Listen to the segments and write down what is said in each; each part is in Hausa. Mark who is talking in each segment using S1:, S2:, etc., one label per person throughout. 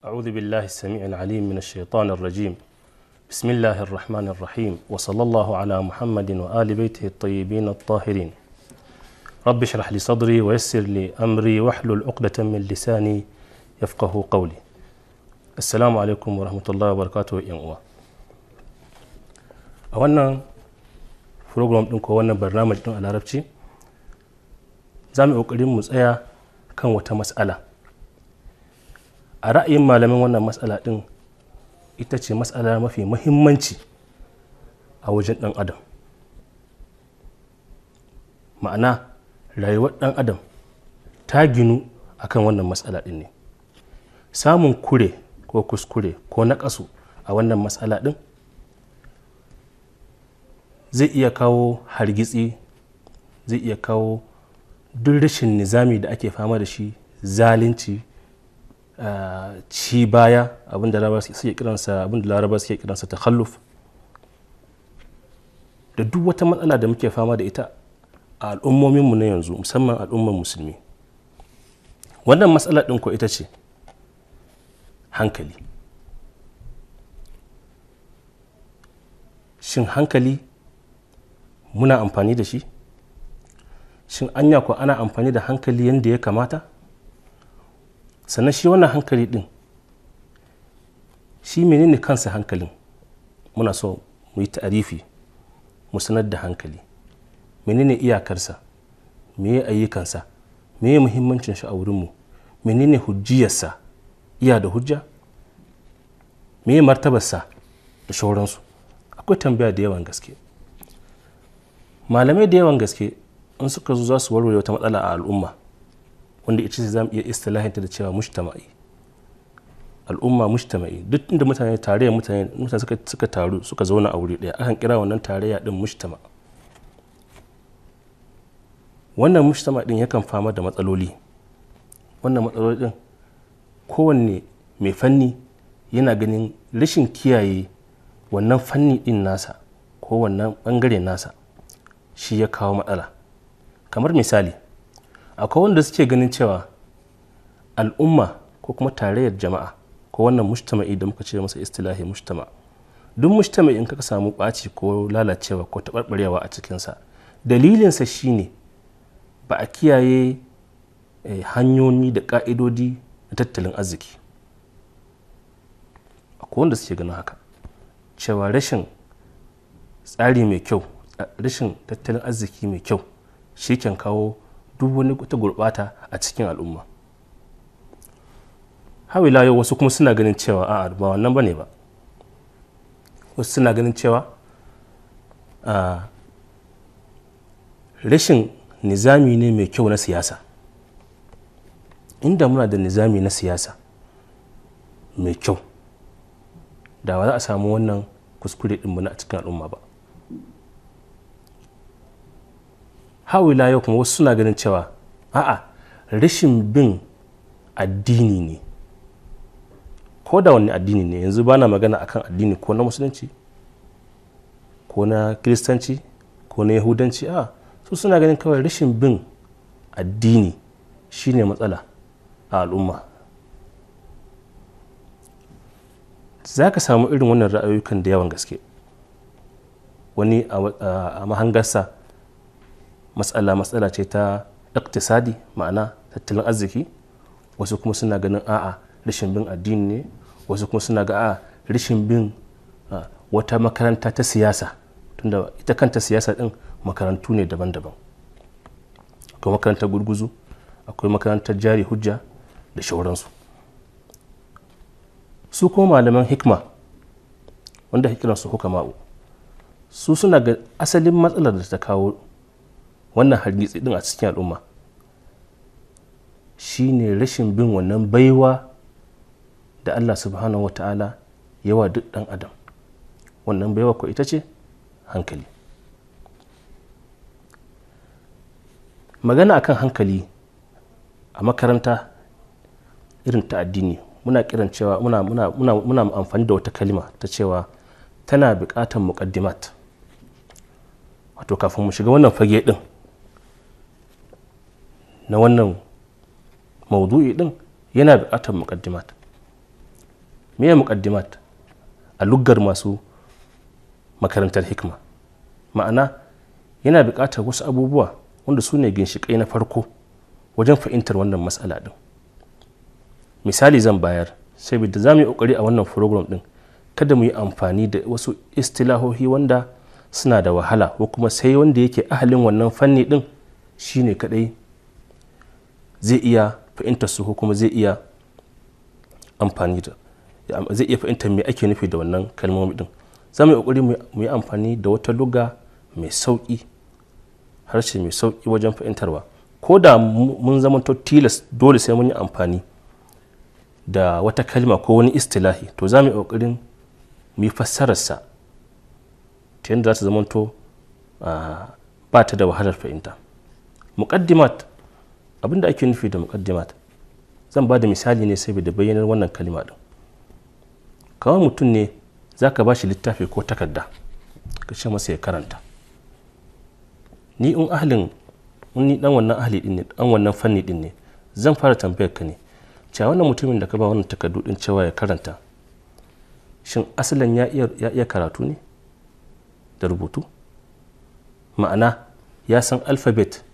S1: أعوذ بالله السميع العليم من الشيطان الرجيم بسم الله الرحمن الرحيم وصلى الله على محمد وآل بيته الطيبين الطاهرين رب اشرح لي صدري ويسر لي أمري واحلل عقدة من لساني يفقه قولي السلام عليكم ورحمة الله وبركاته يا أموا أولا program ɗin ko wannan على ɗin زامي أقليم مزايا كان وتمسألة مسألة a ra'ayin malamin wannan matsala ɗin ita ce matsala mafi muhimmanci a wajen ɗan adam ma'ana rayuwar ɗan adam ta ginu akan wannan matsala ɗin ne samun kure ko kuskure ko naƙasu a wannan matsala ɗin zai iya kawo hargitsi zai iya kawo duk rashin nizami da ake fama da shi zalunci ci baya abinda laraba suke kiransa abinda laraba suke kiransa da duk wata matsala da muke fama da ita a al'ummominmu na yanzu musamman al'umman musulmi wannan matsala ɗin ko ita ce hankali shin hankali muna amfani da shi shin anya ko ana amfani da hankali yadda ya kamata sannan shi wannan hankali din shi menene kansa hankalin muna so mu yi ta'arifi mu sanar da hankali menene iyakarsa meye ayyukansa meye muhimmancin shi a wurinmu menene hujjiyarsa iya da hujja meye martabarsa da shauransu akwai tambaya da yawan gaske malamai da yawan gaske in suka zo za su warware wata matsala a al'umma wanda ita ce za mu iya istilahinta da cewa mujtama'i al'umma mujtama'i duk inda mutane tare mutane mutane suka, suka taru suka zauna a wuri daya akan kira wannan tarayya din mujtama wannan mujtama din yakan fama da matsaloli wannan matsaloli din kowanne mai fanni yana ganin rashin kiyaye wannan fanni din nasa ko wannan bangare nasa shi ya kawo matsala kamar misali akwai wanda suke ganin cewa al'umma ko kuma tarayyar jama'a ko wannan mujtama'i da muka ce masa istilahi mujtama duk mujtama'i in kaka samu ɓaci ko lalacewa ko taɓarɓarewa a cikinsa dalilinsa shine ba a kiyaye eh, hanyoyi da ƙa'idodi na tattalin arziki akwai wanda suke ganin haka cewa rashin tsari mai kyau rashin tattalin arziki mai kyau shi kawo duk wani ta gurbata a cikin al'umma hawila yau wasu kuma suna ganin cewa a ba wannan ba ne ba wasu suna ganin cewa a rashin nizami ne mai kyau na siyasa inda muna da nizami na siyasa mai kyau da ba za a samu wannan kuskure ɗin a cikin al'umma ba hawula yau kuma wasu suna ganin cewa a'a rashin bin addini ne ko da wani addini ne yanzu ba na magana akan addini ko na musulunci ko na kiristanci ko na yahudanci a su suna ganin kawai rashin bin addini shine matsala a al'umma za ka samu irin wannan ra'ayoyukan da yawan gaske wani a mahangarsa matsala matsala ce ta iktisadi ma'ana tattalin arziki wasu kuma suna ganin a'a rashin bin addini ne wasu kuma suna ga a rashin bin wata makaranta ta siyasa tunda ita kanta siyasa din makarantu ne daban-daban akwai makarantar gurguzu akwai makarantar jari hujja da shauransu su kuma malaman hikma wanda hikiransu hukama'u su suna ga asalin matsalar da ta kawo wannan hargitsi din a cikin al'umma shi ne rashin bin wannan baiwa da allah subhanahu wata'ala yawa duk dan adam wannan baiwa ko ita ce hankali magana akan hankali a makaranta irin ta addini muna kiran cewa muna, amfani da wata kalima ta cewa tana bukatan muƙaddimat wato kafin mu shiga wannan fage ɗin na wannan maudu'i din yana bukatar mukaddimat meye mukaddimat a luggar masu makarantar hikma ma'ana yana bukatar wasu abubuwa wanda su ne ginshiƙai na farko wajen fahimtar wannan matsala din misali zan bayar sai saboda za mu yi ƙoƙari a wannan program din kada mu yi amfani da wasu istilahohi wanda suna da wahala ko kuma sai wanda yake ahalin wannan fanni din shine kadai zai iya fahimtar su ko kuma zai iya amfani da zai iya fahimtar me ake nufi da wannan kalmomi din za mu yi kokari mu yi amfani da wata luga mai sauki harshe mai sauƙi wajen fahimtarwa ko da mun zamanto tilas dole sai mun yi amfani da wata kalma ko wani istilahi to za mu yi kokarin mu yi fassararsa ta yadda za ta zamanto ah, ba ta da wahalar fahimta muqaddimat abinda ake nufi da mukaddimat zan ba da misali ne saboda bayyanar wannan kalima din kawai mutum ne za ka ba shi littafi ko takarda ka ce masa ya karanta ni in ahlin ni dan wannan ahli din ne dan wannan fanni din ne zan fara tambayar ka ne cewa wannan mutumin da ka ba wannan takardu din cewa ya karanta shin asalin ya iya karatu ne da rubutu ma'ana ya san alfabet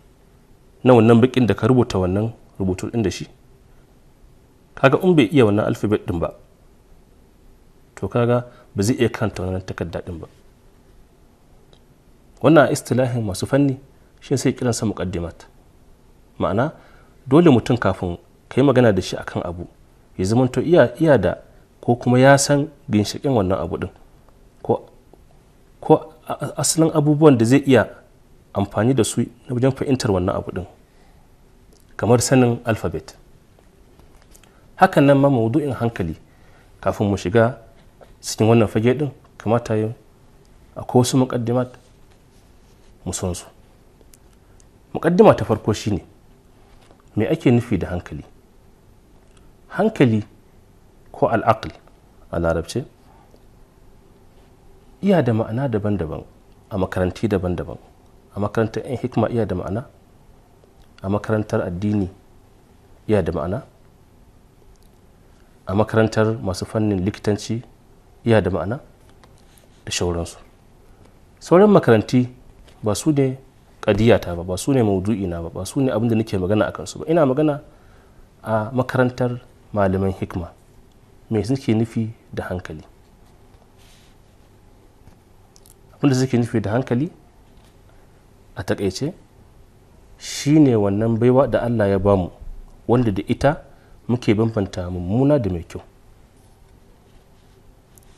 S1: na wannan bakin da ka rubuta wannan rubutu din da shi kaga in bai iya wannan alfabet din ba to kaga ba zai iya karanta wannan takarda din ba wannan istilahin masu fanni shi sai kiran sa muqaddimat ma'ana dole mutum kafin ka yi magana da shi akan abu ya zamanto iya iya da ko kuma ya san ginshikin wannan abu din ko asalin abubuwan da zai iya amfani da su na wajen fahimtar wannan abu din kamar sanin alfabet hakan nan ma maudu'in hankali kafin mu shiga cikin wannan fage din kamata yi ko wasu mukaddima mu son su muƙaddima ta farko shine me ake nufi da hankali hankali ko al'aql a larabce iya da ma'ana daban-daban a makaranti daban-daban a makarantar 'yan hikima iya da ma'ana a makarantar addini iya da ma'ana a makarantar masu fannin likitanci iya da ma'ana da shauransu sauran makaranti ba su ne kadiyata ba ba su ne maudu'ina ba ba su ne abinda nake magana a kansu ba ina magana a makarantar malaman hikma mai suke nufi da hankali suke nufi da hankali a takaice ne wannan baiwa da allah ya bamu wanda da ita muke bambanta mummuna da mai kyau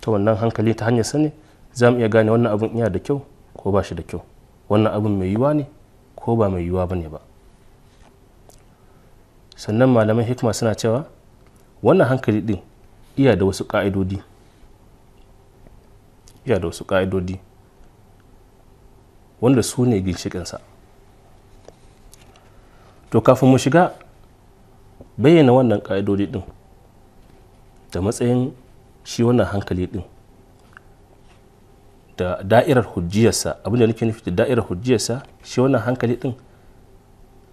S1: ta wannan hankali ta hanyar sani za mu iya gane wannan abin iya da kyau ko ba shi da kyau wannan abin mai yiwa ne ko ba mai yiwa ba ne ba sannan malaman hikima suna cewa wannan hankali din iya da wasu ka'idodi iya da wasu ƙa'idodi wanda su ne ginshikinsa to kafin mu shiga bayyana wannan ƙa'idodi ɗin da matsayin shi wannan hankali ɗin da da'irar hujjiyarsa abinda nake nufi da da'irar hujjiyarsa shi wannan hankali ɗin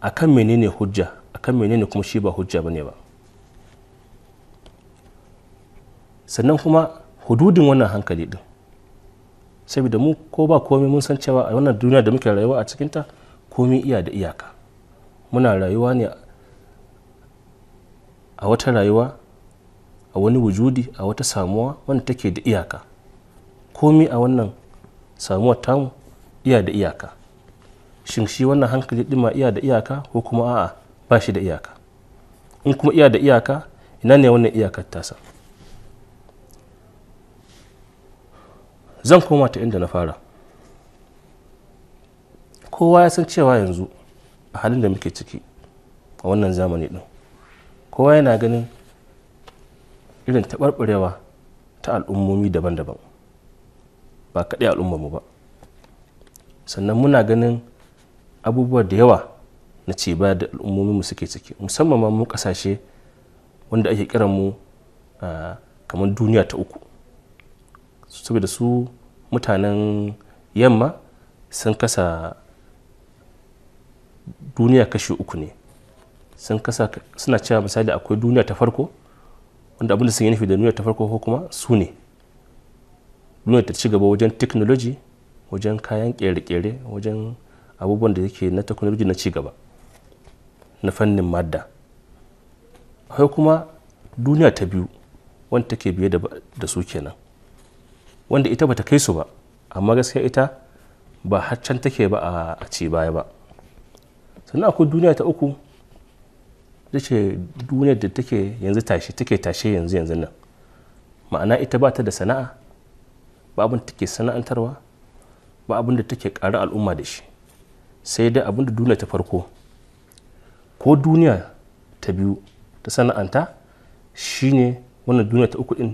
S1: akan menene hujja akan menene kuma shi ba hujja ba ne ba sannan kuma hududin wannan hankali ɗin saboda mu ko ba komai mun san cewa a wannan duniya da muke rayuwa a cikinta komai iya da iyaka muna rayuwa ne a wata rayuwa a wani wujudi a wata samuwa wanda take da iyaka komai a wannan samuwar tamu iya da iyaka shin shi wannan hankali ma iya da iyaka ko kuma a'a ba shi da iyaka in kuma iya da iyaka ina ne wannan iyakar tasa zan koma ta inda na fara kowa ya san cewa yanzu a halin da muke ciki a wannan zamani din kowa yana ganin irin taɓarɓarewa ta al'ummomi daban-daban ba kaɗai al'ummarmu ba sannan muna ganin abubuwa da yawa na ce ba da al'ummominmu suke ciki musamman ma mu kasashe wanda ake kiran mu ah, kamar duniya ta uku saboda su mutanen yamma sun kasa duniya kashi uku ne sun kasa suna cewa misali akwai duniya ta farko wanda abinda sun yi nufi da duniya ta farko ko kuma su ne duniya ta ci gaba wajen teknoloji wajen kayan kere-kere wajen abubuwan da yake na technology na ci gaba na fannin madda akwai kuma duniya ta biyu wanda take biye da su kenan wanda ita bata kai su ba amma gaskiya ita ba har can take ba a ci baya ba sannan akwai duniya ta uku ita ce duniyar da take yanzu tashe take tashe yanzu yanzu nan ma'ana ita ba ta da sana'a ba abin da take sana'antarwa ba abin da take karar al'umma da shi sai dai abin da duniya ta farko ko duniya ta biyu ta sana'anta shine wannan duniya ta uku din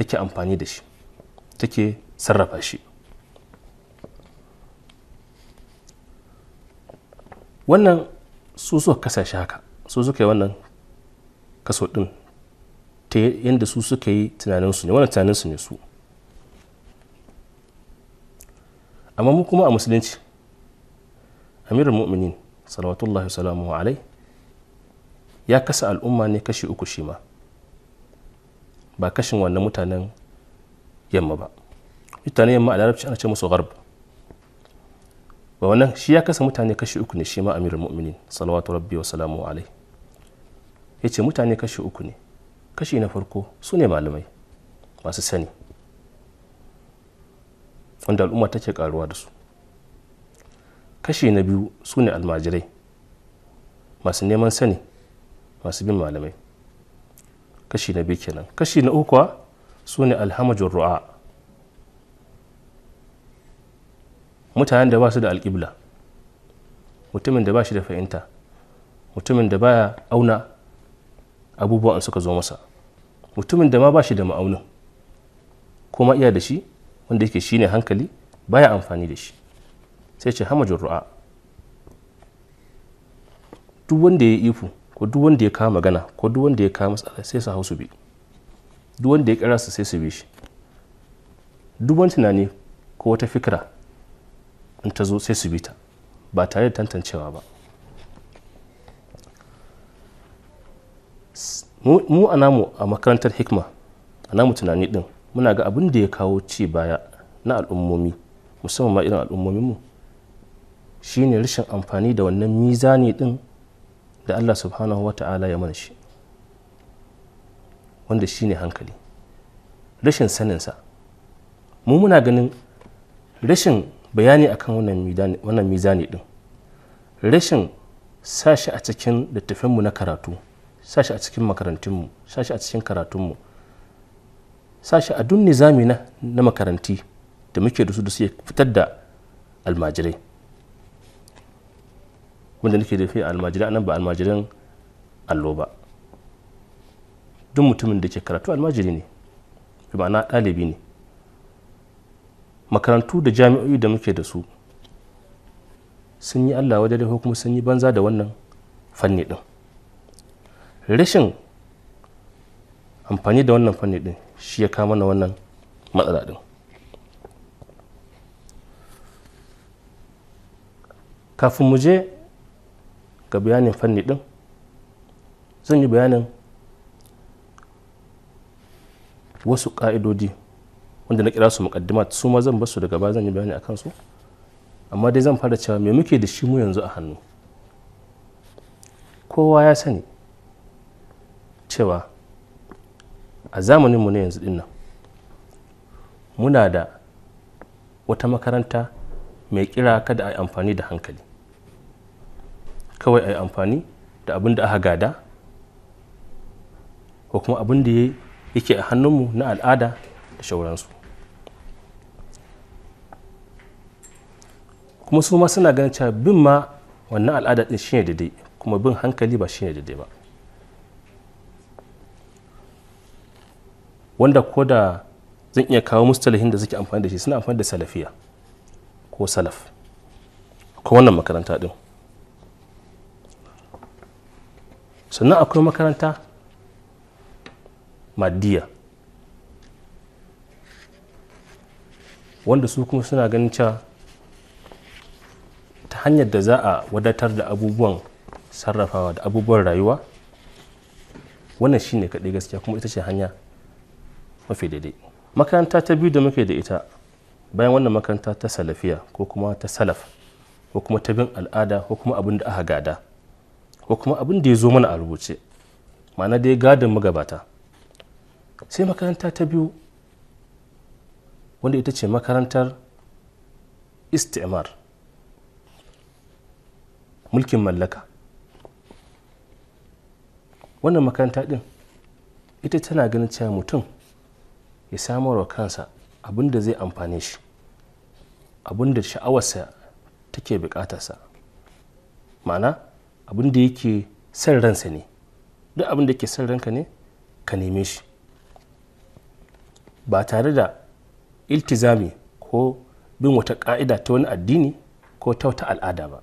S1: take amfani da shi take sarrafa shi wannan su suka kasashe haka su suka yi wannan kaso din ta yadda su suka yi tunaninsu ne wannan tunaninsu ne su amma mu kuma a musulunci amirin mu'minin salawatullahi salamu alai ya kasa al'umma ne kashi uku shi ma ba kashin wannan mutanen yamma ba mutane yamma a larabci ana ce musu gharb ba wannan shi ya kasa mutane kashi uku ne shi ma amirul mu'minin salawatu rabbi wa salamu alai ya ce mutane kashi uku ne kashi na farko su ne malamai masu sani wanda al'umma take karuwa da su kashi na biyu su ne almajirai masu neman sani masu bin malamai kashi na biyu kenan kashi na uku su ne alhamajin ru'a mutanen da ba su da alƙibla mutumin da ba shi da fahimta mutumin da baya auna abubuwan suka zo masa mutumin da ma ba shi da ma'aunin kuma iya da shi wanda yake shine hankali baya amfani da shi sai ce hamajin ru'a duk wanda ya yi ifu ko duk wanda ya kawo magana ko duk wanda ya kawo matsala sai su hausu biyu duk wanda ya kira su sai su bi shi duk wani tunani ko wata fikira in ta zo sai su bi ta ba tare da tantancewa ba mu a namu a makarantar hikma a namu tunani din muna ga abin da ya kawo ci baya na al'ummomi musamman ma irin al'ummominmu shine rashin amfani da wannan mizani din da allah subhanahu wa ta'ala ya mana shi wanda shine hankali rashin saninsa mu muna ganin rashin bayani akan wannan mizani din rashin sashi a cikin littafinmu na karatu sashi a cikin makarantunmu sashi a cikin karatunmu sashi a duk nizami na, makaranti da muke da su da su fitar da almajirai wanda nake da fi almajirai nan ba almajiran allo ba duk mutumin da ke karatu almajiri ne ma'ana ɗalibi ne makarantu da jami'o'i da muke da su sun yi allah wajen da kuma sun yi banza da wannan fanni ɗin rashin amfani da wannan fanni ɗin shi ya kama na wannan matsala ɗin kafin mu je ga bayanin fanni ɗin zan yi bayanin wasu ƙa'idodi wanda na kira su mukaddima su ma zan basu daga baya zan yi bayani akan su amma dai zan fara cewa me muke da shi mu yanzu a hannu kowa ya sani cewa a zamaninmu na yanzu dinnan muna da wata makaranta mai kira kada a yi amfani da hankali kawai a yi amfani da abin da aka gada ko kuma abin da ya yake a hannunmu na al'ada da shauransu kuma su ma suna ganin cewa bin ma wannan al'ada din shine daidai kuma bin hankali ba shine daidai ba wanda ko da zan iya kawo musu talahin da suke amfani da shi suna amfani da salafiya ko salaf ko wannan makaranta din sannan akwai makaranta maddiya wanda su kuma suna ganin cewa ta hanyar da za a wadatar da abubuwan sarrafawa da abubuwan rayuwa wannan shi ne kaɗai gaskiya kuma ita ce hanya mafi daidai makaranta ta biyu da muke da ita bayan wannan makaranta ta salafiya ko kuma ta salaf ko kuma ta bin al'ada ko kuma abin da aka gada ko kuma abin da ya zo mana a rubuce ma'ana dai gadon magabata sai makaranta ta biyu wanda ita ce makarantar istimar mulkin mallaka wannan makaranta din ita tana ganin cewa mutum ya samar wa kansa abin da zai amfane shi abin da sha'awarsa take bukatarsa ma'ana abin da yake son ransa ne duk abin da ke son ranka ne ka neme shi ba tare da iltizami ko bin wata ka'ida ta wani addini ko ta wata al'ada ba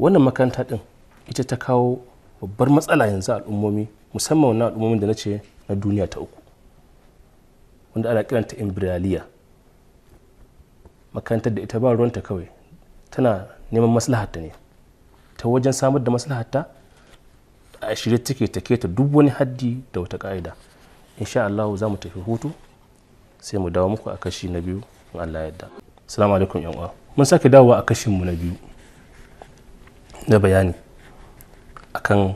S1: wannan makaranta din ita ta kawo babbar matsala yanzu al'ummomi musamman na al'ummomin da na ce na duniya ta uku wanda ana kiranta imbraliya makarantar da ita ba ruwanta kawai tana neman maslahata ne ta wajen samar da maslahatta a shirye take ta keta duk wani haddi da wata ka'ida insha Allah za mu tafi hutu sai mu dawo muku a kashi na biyu in Allah yadda assalamu alaikum yan uwa mun sake dawo a kashin mu na biyu na bayani akan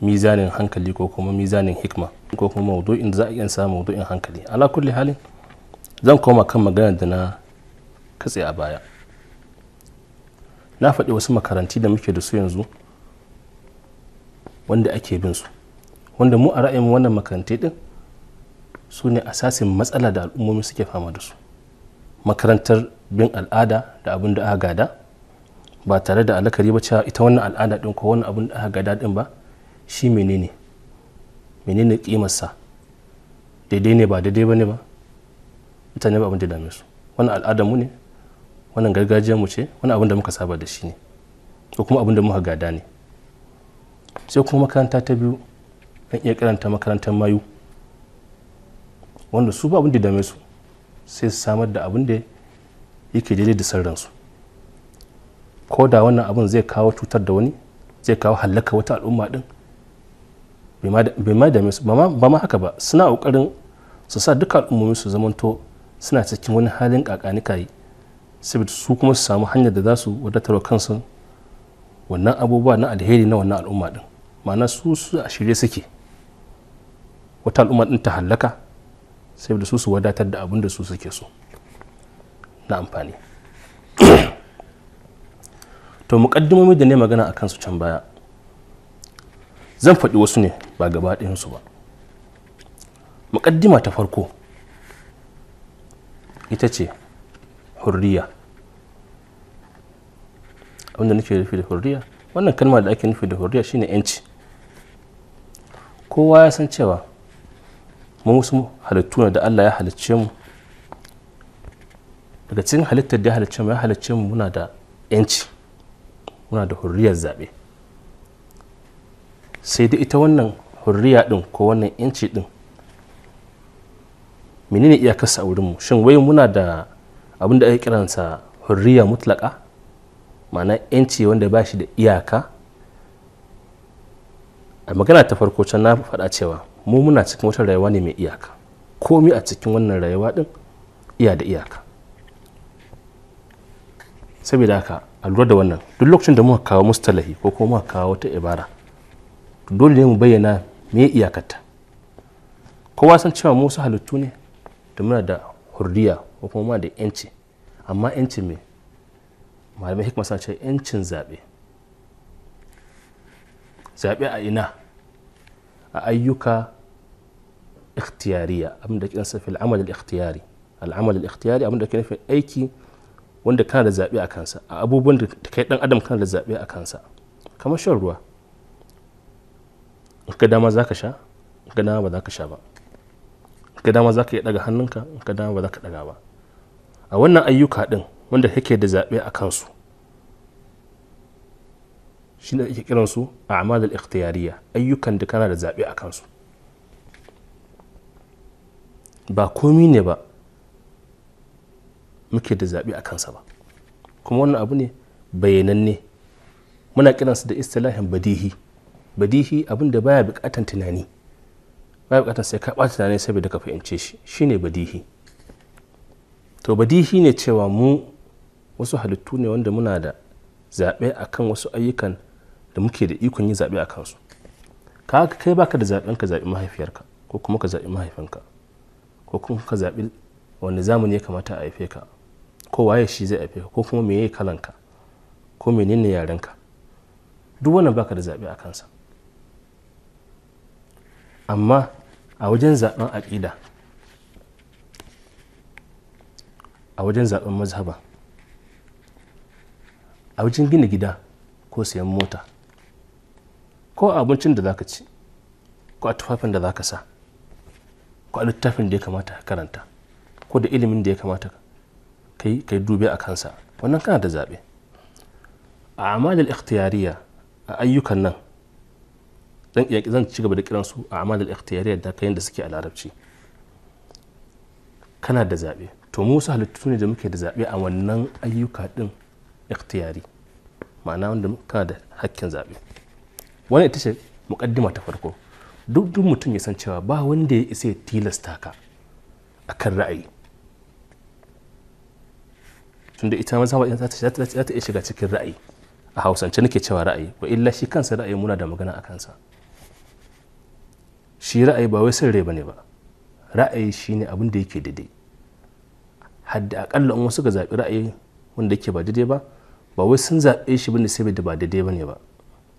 S1: mizanin hankali ko kuma mizanin hikma ko kuma maudu'in da za a iya samu maudu'in hankali ala kulli halin zan koma kan magana da na katse a baya na faɗi wasu makaranti da muke da su yanzu wanda ake bin su wanda mu a ra'ayin wannan makarantai din su ne asasin matsala da al'ummomi suke fama da su makarantar bin al'ada da abin da aka gada ba tare da alakari ba cewa ita wannan al'ada din ko wannan abin da aka gada din ba shi menene menene kimarsa daidai ne ba daidai ba ne ba ita ne ba abin da dame su wannan al'adar mu ne wannan gargajiyar mu ce wannan abin da muka saba da shi ne ko kuma abin da muka gada ne sai kuma makaranta ta biyu kan iya karanta makarantar mayu wanda su ba abin da dame su sai su samar da abin da yake daidai da su ko da wannan abin zai kawo cutar da wani zai kawo hallaka wata al'umma din bai ma dame su ba ma haka ba suna ƙoƙarin su sa duka al'ummomi su zamanto suna cikin wani halin kakanika yi saboda su kuma su samu hanyar da za su wadatarwa kansu wannan abubuwa na alheri na wannan al'umma din ma'ana su su a shirye suke wata al'umma din ta hallaka sai da su su wadatar da abin da su suke so na amfani to muƙaddimomi da ne magana a kansu can baya zan faɗi wasu ne ba gaba ɗayansu ba muƙaddima ta farko ita ce hurriya abinda nake nufi da hurriya wannan kalma da ake nufi da hurriya shine yanci kowa ya san cewa mu wasu halittu ne da Allah ya halicce mu daga cikin halittar da ya halicce mu ya halicce mu muna da yanci muna da hurriyar zaɓe sai dai ita wannan hurriya ɗin ko wannan yanci ɗin menene iyakarsa a wurinmu shin wai muna da abin da ake kiransa hurriya mutlaka ma'ana yanci wanda ba shi da iyaka a magana ta farko can na faɗa cewa mu muna cikin wata rayuwa ne mai iyaka komi a cikin wannan rayuwa din iya da iyaka saboda haka a lura da wannan duk lokacin da muka kawo mustalahi ko kuma muka kawo wata ibara dole ne mu bayyana me iyakarta kowa san cewa musu halittu ne da muna da hurriya ko kuma muna da yanci amma yanci me malamai hikima ce yancin zaɓe zaɓe a ina a ayyuka ikhtiyariya abin da nasa fil amal al ikhtiyari al amal al ikhtiyari abinda ke nufin aiki wanda kana da zabe a kansa a abubuwan da kai dan adam kana da zabe a kansa kamar shan ruwa ka dama za ka sha ka dama ba zaka sha ba ka dama za ka iya daga hannunka ka dama ba zaka daga ba a wannan ayyuka din wanda kake da zaɓe a kansu shi ne ake kiransu a amal ikhtiyariya ayyukan da kana da zaɓe a kansu ba komi ne ba muke da zaɓe a kansa ba kuma wannan abu ne bayananne muna kiransu da istilahin badihi badihi abin da baya buƙatan tunani baya buƙatan sai ka ɓata tunani saboda ka fahimce shi shine badihi to badihi ne cewa mu wasu halittu ne wanda muna da zaɓe a kan wasu ayyukan da muke da ikon yin zaɓe a kansu ka kai baka da zaɓen ka zaɓi mahaifiyarka ko kuma ka zaɓi mahaifinka ko kuma ka zaɓi wanda zamani ya kamata a haife ka ko waye shi zai haife ka ko kuma me meye kalanka ko menene yarenka duk wannan baka da zaɓe a kansa amma a wajen zaɓen aƙida a wajen zaɓen mazhaba a wajen gina gida ko sayan mota ko a abincin da zaka ci ko a tufafin da zaka sa ko a littafin da ya kamata ka karanta ko da ilimin da ya kamata ka yi ka dube a kansa wannan kana da zaɓe a amalil ikhtiyariya a ayyukan nan zan iya zan ci gaba da kiran su a amalil ikhtiyariya da kai da suke a larabci kana da zaɓe to mu halittu ne da muke da zaɓe a wannan ayyuka din ikhtiyari ma'ana wanda kana da hakkin zaɓe wannan ita ce mukaddima ta farko duk duk mutum ya san cewa ba wanda ya isa ya tilasta ka akan ra'ayi tunda ita ma za ta iya shiga cikin ra'ayi a hausance nake cewa ra'ayi ba illa shi kansa ra'ayi muna da magana a kansa shi ra'ayi ba wai sirre ne ba ra'ayi shi ne abin da yake daidai hadda akalla in wasu ga zaɓi ra'ayi wanda yake ba daidai ba ba wai sun zaɓe shi bane sai da ba daidai ne ba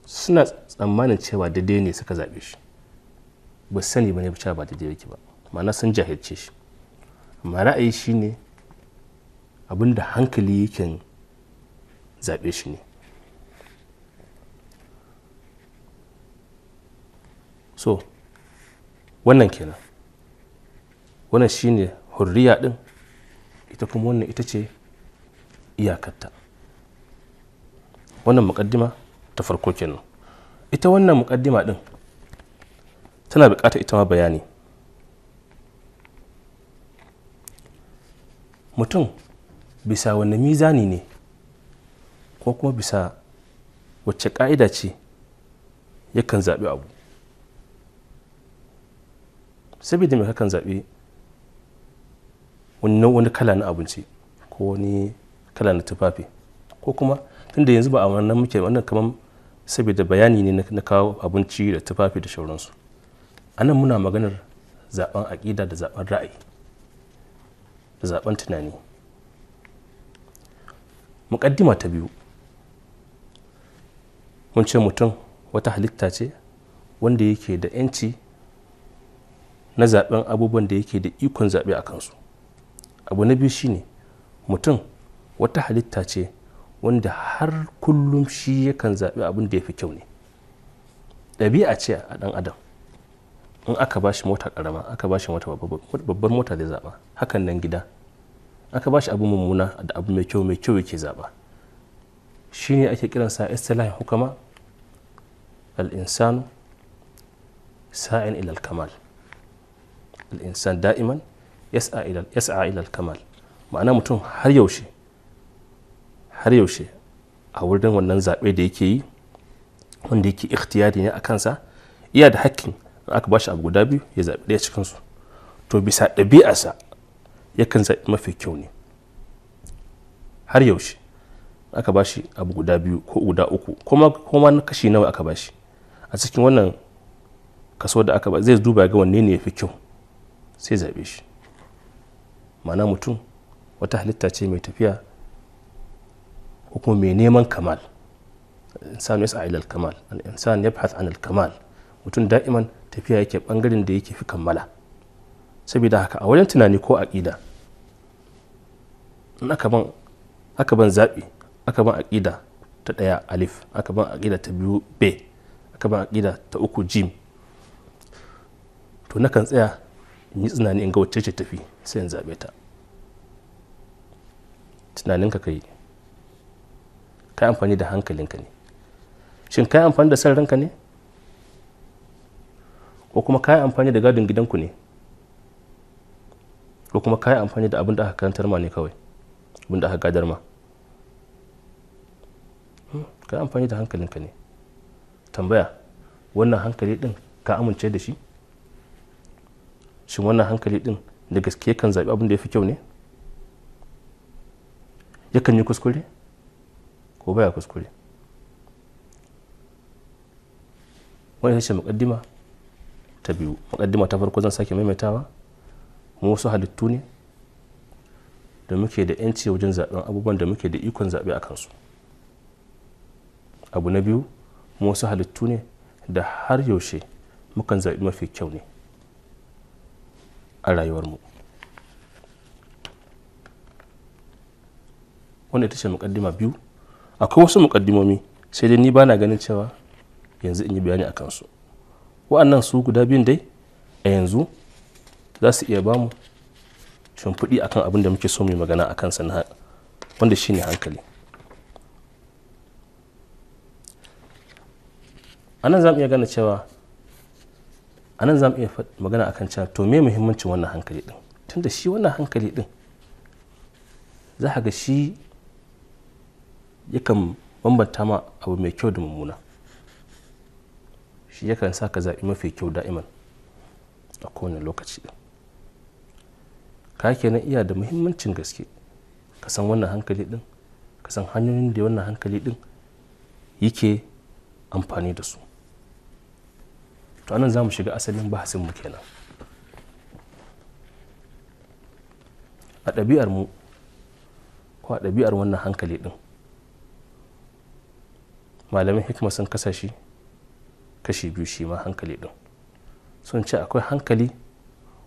S1: suna tsammanin cewa daidai ne suka zaɓe shi ba sani ba ne cewa ba daidai yake ba ma'ana sun jahilce shi amma ra'ayi shi ne abinda hankali yake zaɓe shi ne so wannan kenan wannan shi ne hurriya ɗin ita kuma wannan ita ce iyakarta wannan mukaddima ta farko kenan ita wannan mukaddima din tana bukatar ita ma bayani mutum bisa wanne mizani ne ko kuma bisa wacce ka'ida ce yakan zaɓi abu saboda mai kakan zaɓi wani kala na abinci ko wani kala na tufafi ko kuma tunda yanzu ba a wannan muke wannan kamar saboda bayani ne na kawo abinci da tufafi da shauransu anan muna maganar zaben aƙida da zaben ra'ayi da zaben tunani muƙaddima ta biyu mun ce mutum wata halitta ce wanda yake da 'yanci na zaben abubuwan da yake da ikon zaɓe a kansu abu na biyu shine mutum wata halitta ce wanda har kullum shi yakan zaɓi abin da ya fi kyau ne ɗabi'a ce a ɗan adam in aka ba shi mota ƙarama aka ba shi mota babbar mota zai zaɓa hakan nan gida aka ba shi abu mummuna da abu mai kyau mai kyau yake zaɓa shi ne ake kiransa sa hukama al'insanu sa'in ilal kamal al'insan da'iman yas'a ilal kamal ma'ana mutum har yaushe har yaushe a wurin wannan zaɓe da yake yi wanda yake ikhtiyari ne a kansa iya da hakkin aka ba shi abu guda biyu ya zaɓi ɗaya cikinsu to bisa ɗabi'arsa yakan zaɓi mafi kyau ne har yaushe aka ba shi abu guda biyu ko guda uku kuma kashi nawa aka ba shi a cikin wannan kaso da aka ba zai duba ga wanne ne ya fi kyau sai zaɓe shi ma'ana mutum wata halitta ce mai tafiya ko kuma mai neman kamal insan yasa ilal kamal insan ya yabhath an kamal mutum da'iman tafiya yake bangaren da yake fi kammala saboda haka a wajen tunani ko aqida in aka ban aka ban zabi aka ban aqida ta daya alif aka ban aqida ta biyu b aka ban aqida ta uku jim to nakan tsaya in yi tunani in ga wacce ce tafi sai in zabe ta tunaninka kai ka amfani da hankalinka ne shin ka amfani da san ranka ne ko kuma ka amfani da gadon gidanku ne ko kuma ka amfani da abin da aka karantar ma ne kawai abin da aka gadar ma hmm, ka amfani da hankalinka ne tambaya wannan hankali din ka amince da shi shin wannan hankali din da gaske kan zaɓi abin da ya fi kyau ne yakan yi kuskure ko baya kuskure wani ce mukaddima ta biyu mukaddima ta farko zan sake maimaitawa mu wasu halittu ne da muke da yanci wajen zaben abubuwan da muke da ikon zaɓe a kansu abu na biyu mu wasu halittu ne da har yaushe mukan zaɓi mafi kyau ne a rayuwarmu wanda ita ce mukaddima biyu akwai wasu mukaddimomi sai dai ni ba na ganin cewa yanzu in yi bayani akan su wa'annan su guda biyun dai a yanzu za su iya bamu shimfiɗi akan abin da muke so mu magana akan sana'a wanda shine hankali anan za mu iya gane cewa anan za mu iya magana akan cewa to me muhimmancin wannan hankali din tunda shi wannan hankali din za ga shi yakan bambanta ma abu mai kyau da mummuna shi yakan sa ka zaɓi mafi kyau da'iman a kowane lokaci ka kenan iya da muhimmancin gaske ka san wannan hankali ɗin ka san hanyoyin da wannan hankali ɗin yake amfani da su to anan za mu shiga asalin mu kenan a ɗabi'ar mu ko a ɗabi'ar wannan hankali ɗin malamin hikima sun kasa kashi biyu shi ma hankali ɗin sun ce akwai hankali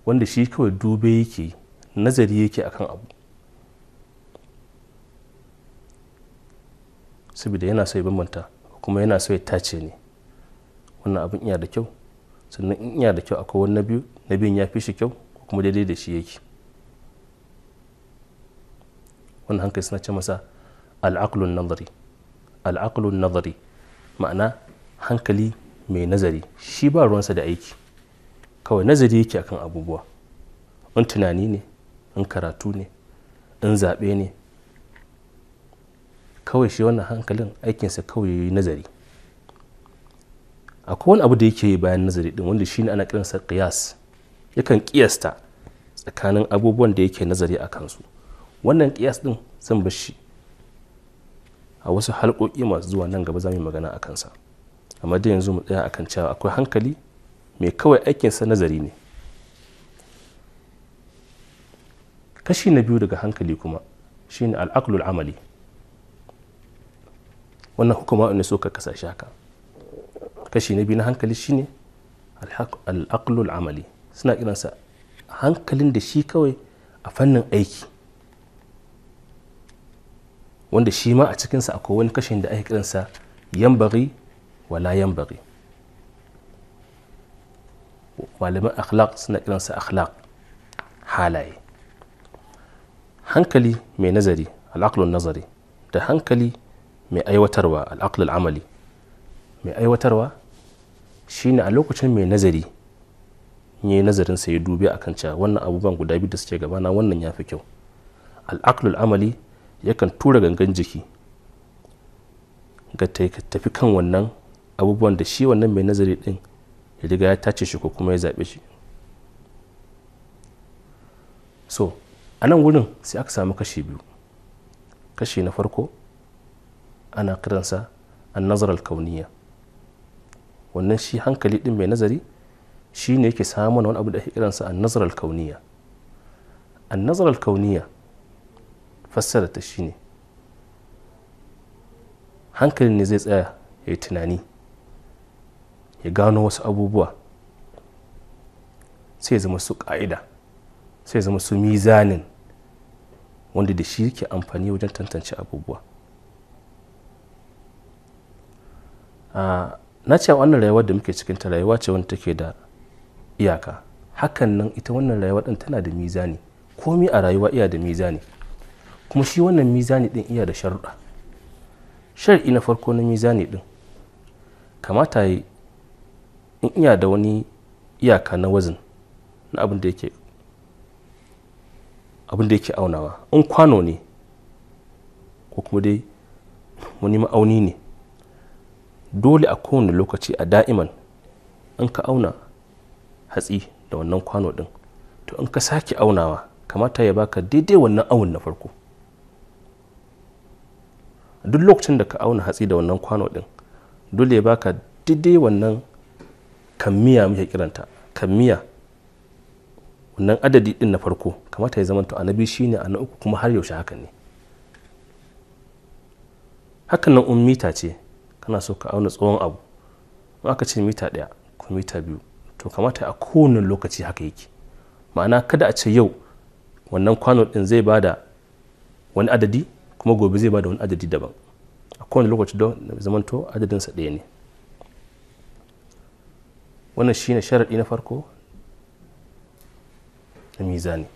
S1: wanda shi kawai dube yake nazari yake akan abu saboda yana so ya bambanta kuma yana so ya tace ne wannan abin iya da kyau sannan in iya da kyau akwai wani na biyu na biyun ya fi shi kyau ko kuma daidai da shi yake wannan hankali suna ce masa al'aqlun nazari al'aqlun nazari ma'ana hankali mai nazari shi ba ruwansa da aiki kawai nazari yake akan abubuwa in tunani ne in karatu ne in zaɓe ne kawai shi wannan hankalin aikinsa kawai yi nazari akwai wani abu da yake yi bayan nazari din wanda shi ne ana kiransa qiyas yakan kiyasta tsakanin abubuwan da yake nazari a kansu wannan kiyas din zan bar shi a wasu halƙoƙi masu zuwa nan gaba za mu yi magana a kansa amma dai yanzu mu tsaya kan cewa akwai hankali mai kawai aikinsa nazari ne kashi na biyu daga hankali kuma shine al'aqlul amali wannan hukuma ne so ka kasa haka kashi na biyu na hankali shine al'aqlul amali suna kiransa hankalin da shi kawai a fannin aiki wanda shi ma a cikinsa akwai wani kashin da ake kiransa yambari wala yambari malaman akhlaq suna kiransa akhlaq halaye hankali mai nazari al'aqlun nazari da hankali mai aiwatarwa al'aqlul amali mai aiwatarwa shine a lokacin mai nazari yi nazarin sai ya dubi a cewa wannan abubuwan guda biyu da suke gabana wannan ya fi kyau alaklul amali yakan tura gangan jiki ga tafi kan wannan abubuwan da shi wannan mai nazari din ya riga ya tace shi ko kuma ya zaɓe shi so a nan wurin sai aka samu kashi biyu kashi na farko ana kiransa an nazar alkauniya wannan shi hankali din mai nazari shi ne yake samun wani abu da ake kiransa an nazar alkauniya an nazar alkauniya fassara ta shine hankalin ne zai tsaya ya yi tunani ya gano wasu abubuwa sai zama su ƙa'ida sai zama su mizanin wanda da shi ke amfani wajen tantance abubuwa na ce wannan rayuwar da muke cikin ta rayuwa ce wanda take da iyaka hakan nan ita wannan rayuwa ɗin tana da mizani komi a rayuwa iya da mizani kuma shi wannan mizani din iya da sharuɗa shar'i na farko na mizani din kamata yi in iya da wani iyaka na wazin na abin da yake aunawa in kwano ne ko kuma dai wani ma'auni ne dole a kowane lokaci a da'iman in ka auna hatsi da wannan kwano din to in ka sake aunawa kamata ya baka daidai wannan awun na farko duk lokacin da ka auna hatsi da wannan kwano din dole ba ka daidai wannan kammiya muke kiranta kammiya wannan adadi din na farko kamata ya zama to annabi ne a na uku kuma har yaushe haka ne hakan nan un mita ce kana so ka auna tsohon abu in aka ce mita ɗaya ko mita biyu to kamata a kowane lokaci haka yake ma'ana kada a ce yau wannan kwano din zai bada wani adadi kuma gobe zai ba da wani adadi daban a kowane lokaci don zamanto adadinsa ɗaya ne wannan ne sharaɗi na farko na mizani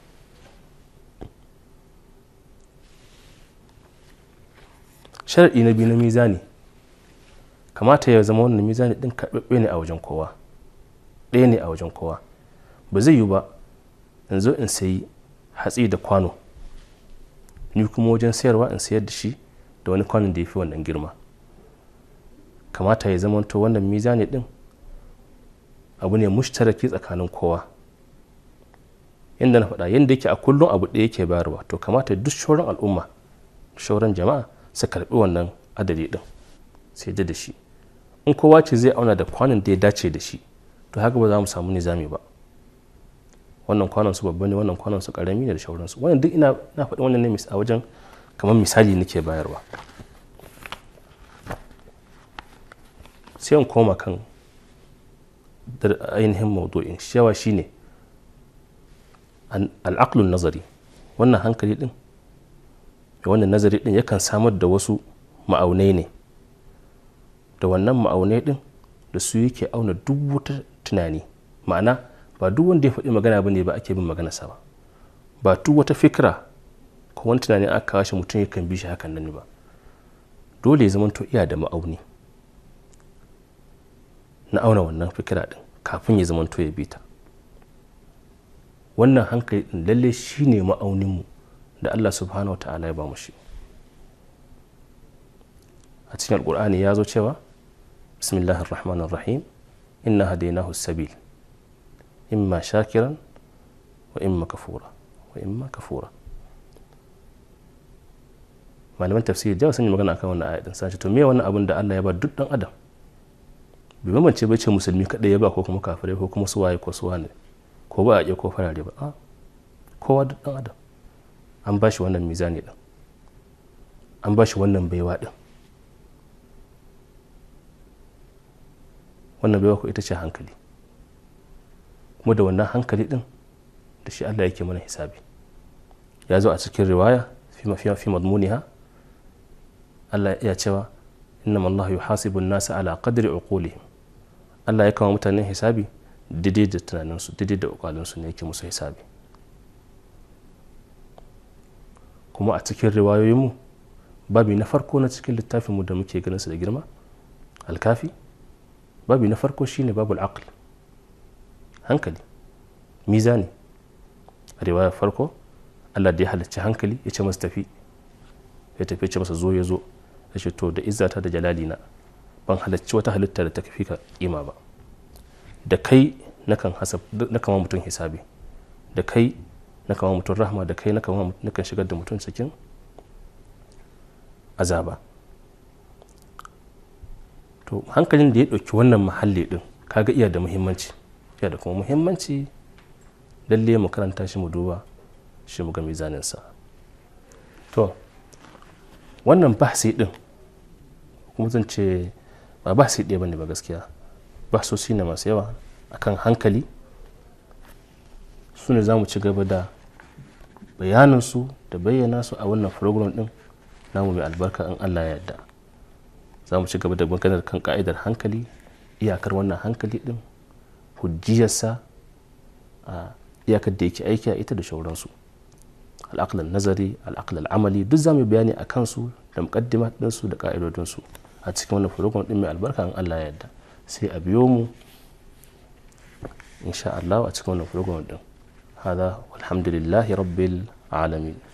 S1: sharaɗi na biyu na mizani kamata ya zama wannan mizani ɗin kaɓɓe ne a wajen kowa ɗaya ne a wajen kowa ba zai yiwu ba in zo in sayi hatsi da kwano ni kuma wajen sayarwa in sayar da shi da wani kwanin da ya fi wannan girma kamata ya zama to wannan mizani din abu ne mushtaraki tsakanin kowa yadda na faɗa yadda yake a kullum abu ɗaya yake bayarwa to kamata duk shauran al'umma shauran jama'a su karɓi wannan adadi ɗin sai da shi in kowa ce zai auna da kwanin da ya dace da shi to haka ba za mu samu nizami ba wannan kwanan su babba ne wannan kwanon su karami ne da shauransu wannan duk ina na faɗi wannan ne a wajen kamar misali nake bayarwa sai in koma kan ainihin maudu'in shawa shine al'aklun nazari wannan hankali din wannan nazari din yakan samar da wasu ma'aunai ne da wannan ma'aunai din da su yake auna dubu ta tunani ma'ana ba duk wanda ya faɗi magana bane ba ake bin sa ba ba duk wata fikira ko wani tunani aka kawo shi mutum yakan bi shi hakan nan ba dole ya zamanto iya da ma'auni na auna wannan fikira din kafin ya zamanto ya bi ta wannan hankali din lalle shine mu da Allah subhanahu ta'ala ya ba mu shi a cikin alkur'ani ya zo cewa bismillahir rahmanir rahim inna hadainahu sabil imma shakiran wa imma kafura wa imma kafura malaman tafsiri da sun yi magana akan wannan ayat sai to me wannan abin da Allah ya ba duk dan adam bai bambance bai ce musulmi kadai ya ba ko kuma kafirai ko kuma suwaye ko suwane ko ba a ko farare ba a kowa duk dan adam an ba shi wannan mizani din an ba shi wannan baiwa din wannan baiwa ko ita ce hankali kuma da wannan hankali din da shi Allah yake mana hisabi ya zo a cikin riwaya fi mafiya fi madmuniha Allah ya cewa innama Allah yuhasibu an-nasa ala qadri uqulihim Allah ya kama mutanen hisabi daidai da tunaninsu daidai da ukalinsu ne yake musu hisabi kuma a cikin riwayoyinmu babi na farko na cikin littafin mu da muke ganin su da girma alkafi babi na farko shine babul aqli hankali miza ne riwaya farko allah da ya halarci hankali ya ce masa tafi ya tafi ce masa zo ya zo ya ce to da izata da jalalina ban halarci wata halitta da ta fi ka ima ba da kai na kama mutum hisabi da kai na kama mutum rahama da kai na kan shigar da mutum cikin azaba to hankalin da ya ɗauki wannan mahalli ɗin kaga iya da muhimmanci yana da kuma muhimmanci lalle mu karanta shi mu duba shi mu ga mizaninsa to wannan bahasi din kuma zan ce ba bahasi ɗaya bane ba gaskiya basosi ne masu yawa akan hankali su ne za mu ci gaba da bayaninsu da bayyana su a wannan program din namu mai albarka in allah ya yarda za mu ci gaba da maganar kan ka'idar hankali iyakar wannan hankali din hujjiyarsa a iyakar da yake aiki a ita da shauransu al'aqlal nazari al'aqlal amali duk za mu bayani a kansu da mukaddima ɗinsu da ƙa'idodinsu a cikin wannan program ɗin mai albarka in Allah ya yarda sai a biyo mu insha Allah a cikin wannan program ɗin hada walhamdulillahi rabbil alamin